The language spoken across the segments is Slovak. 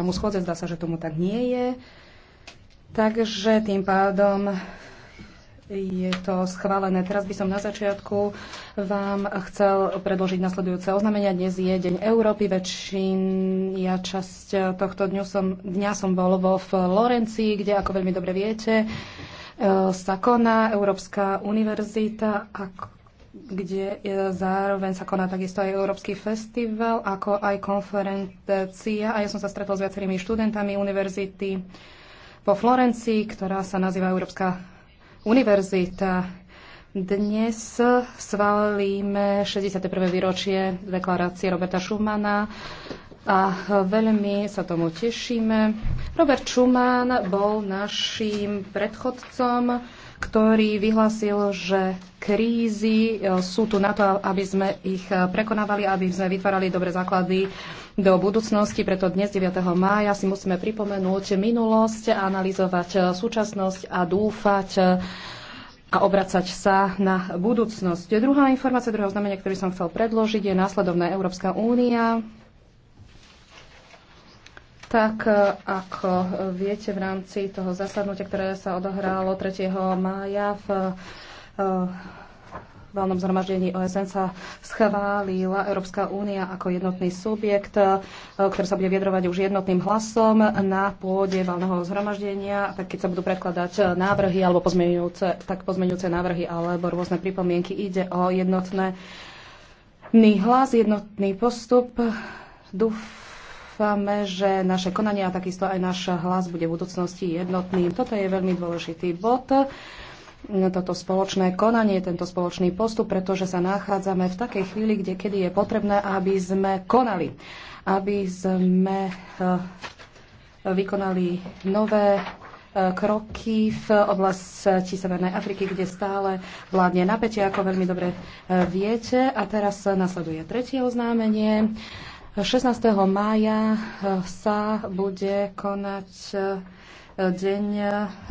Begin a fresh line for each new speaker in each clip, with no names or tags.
tomu schôdze. Zdá sa, že tomu tak nie je. Takže tým pádom je to schválené. Teraz by som na začiatku vám chcel predložiť nasledujúce oznámenia. Dnes je Deň Európy. Väčšina časť tohto dňu som, dňa som bol vo Florencii, kde, ako veľmi dobre viete, e, sa koná Európska univerzita, ako kde e, zároveň sa koná takisto aj Európsky festival, ako aj konferencia. A ja som sa stretol s viacerými študentami univerzity po Florencii, ktorá sa nazýva Európska univerzita. Dnes svalíme 61. výročie deklarácie Roberta Schumana a veľmi sa tomu tešíme. Robert Schumann bol našim predchodcom, ktorý vyhlásil, že krízy e, sú tu na to, aby sme ich e, prekonávali, aby sme vytvárali dobré základy do budúcnosti. Preto dnes 9. mája si musíme pripomenúť minulosť, analyzovať e, súčasnosť a dúfať a obracať sa na budúcnosť. Druhá informácia, druhé oznámenie, ktoré som chcel predložiť, je následovná Európska únia tak e, ako viete, v rámci toho zasadnutia, ktoré sa odohralo 3. mája v e, v valnom zhromaždení OSN sa schválila Európska únia ako jednotný subjekt, e, ktorý sa bude viedrovať už jednotným hlasom na pôde valného zhromaždenia. Tak keď sa budú predkladať návrhy alebo pozmeňujúce, tak pozmeňujúce návrhy alebo rôzne pripomienky, ide o jednotný hlas, jednotný postup. Dúfam, dúfame, že naše konanie a takisto aj náš hlas bude v budúcnosti jednotným. Toto je veľmi dôležitý bod toto spoločné konanie, tento spoločný postup, pretože sa nachádzame v takej chvíli, kde kedy je potrebné, aby sme konali, aby sme eh, vykonali nové eh, kroky v oblasti Severnej Afriky, kde stále vládne napätie, ako veľmi dobre eh, viete. A teraz nasleduje tretie oznámenie. 16. mája eh, sa bude konať eh, deň eh,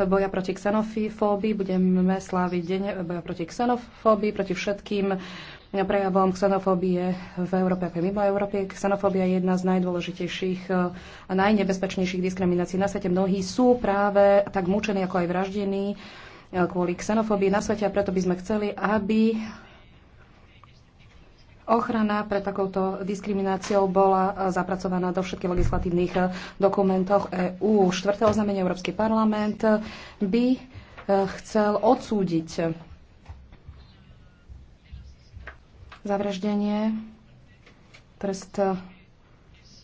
boja proti xenofóbii. Budeme sláviť deň boja proti xenofóbii, proti všetkým prejavom xenofóbie v Európe ako mimo Európy. Xenofóbia je jedna z najdôležitejších a najnebezpečnejších diskriminácií na svete. Mnohí sú práve tak mučení ako aj vraždení kvôli xenofóbii na svete a preto by sme chceli, aby Ochrana pred takouto diskrimináciou bola e, zapracovaná do všetkých legislatívnych e, dokumentov EÚ. Štvrté oznámenie Európsky parlament e, by chcel odsúdiť zavraždenie, trest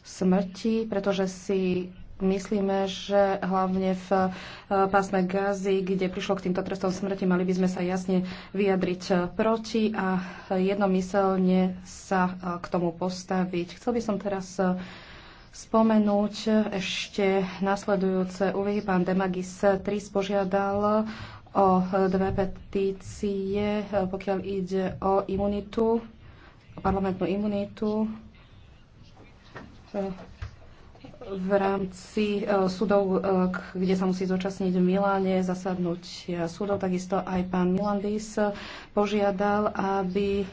smrti, pretože si myslíme, že hlavne v eh, pásme Gazy, kde prišlo k týmto trestom smrti, mali by sme sa jasne vyjadriť eh, proti a jednomyselne sa eh, k tomu postaviť. Chcel by som teraz spomenúť ešte nasledujúce úvahy. Pán Demagis 3 spožiadal o dve petície, pokiaľ ide o imunitu, o parlamentnú imunitu v rámci e, súdov, e, kde sa musí zúčastniť v Miláne zasadnúť e, súdov, takisto aj pán Milandis požiadal, aby